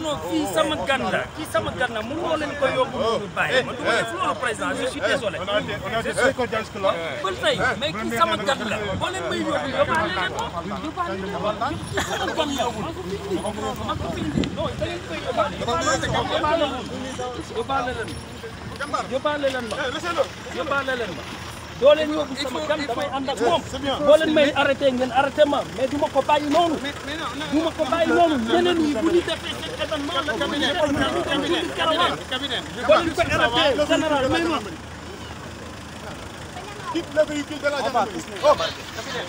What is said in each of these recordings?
non non kii sama gan la kii sama gan la mënoo leen ko yóbbu ñu bàyyi ma du ma def loolu président je suis désolé. ba tey mais kii sama gan la boo leen may yóbbu yóbbaale leen ko yóbbaale leen ko kii sama gan la ma ko fi indi ma ko fi indi non da ngeen koy yóbbaale yóbbaale leen ma yóbbaale leen ma yóbbaale leen ma doo leen yóbbu sama gan damay ànd ak moom doo leen may arrêté ngeen arrêté ma mais du ma ko bàyyi noonu du ma ko bàyyi noonu ñeneen ñi bu ñu defee seen événement la ñu def ñu def caravane doo leen ko arrêté général may ma quitte le véhicule de la gendarmerie oh capitaine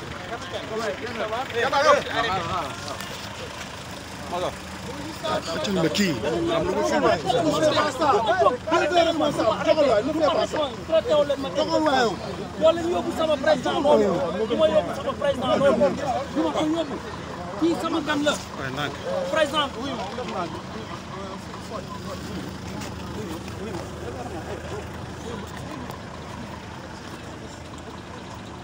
capitaine Attends, mais qui wala ñu yóbbu sama président loolu du ma yóbbu sama président loolu du ma ko yóbbu kii sama gan la président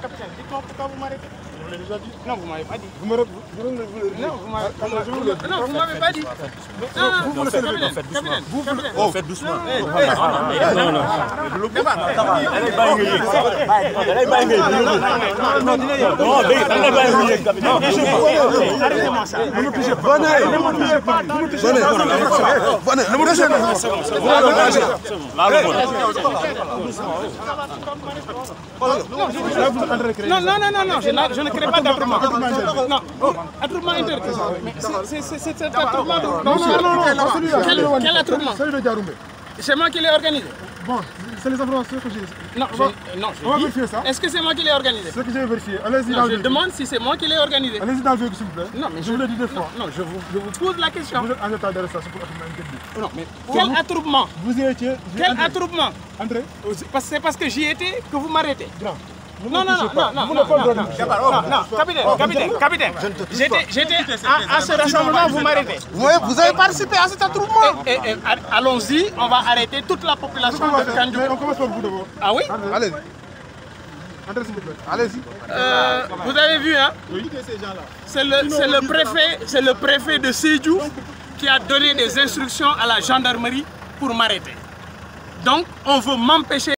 capitaine, dites-moi pourquoi vous m'arrêtez. vous l'avez déjà dit. Non, vous m'avez pas dit. Vous me Non, vous m'avez pas dit. Non, vous Vous vous Faites doucement. Vous vous faites doucement. Non, non, non. Allez, Allez, Non, non, non. allez, Arrêtez-moi ça. Vous me touchez pas. Vous me touchez pas. Vous me Ne me touchez pas. bon, c'est bon. vous non, non, non, non, je, ne crée pas d'attroupement. Non, attroupement inter. C'est cet attroupement. Non, non, non, non, quel attroupement Celui de Diaroumé. C'est moi qui l'ai organisé. Bon, c'est les informations que j'ai. Non, non, on va vérifier ça. Est-ce que c'est moi qui l'ai organisé C'est que j'ai vérifié. Allez-y dans le Je demande si c'est moi qui l'ai organisé. Allez-y dans le s'il vous plaît. Non, mais je vous le dis deux fois. Non, je vous, je vous pose la question. Vous êtes en état d'arrestation pour attroupement Non, mais quel attroupement Vous y étiez. Quel attroupement André C'est parce que j'y étais que vous m'arrêtez. Non, non, non, non, non, capitaine, capitaine, capitaine. J'étais à, ce rassemblement, vous m'arrêtez. Oui, vous avez participé à cet attroupement. Allons-y, on va arrêter toute la population de Kandjou. On commence par vous Ah oui Allez. Allez-y. Euh, vous avez vu, hein Oui. C'est le, le, préfet, c'est le préfet de Sédou qui a donné des instructions à la gendarmerie pour m'arrêter. Donc, on veut m'empêcher.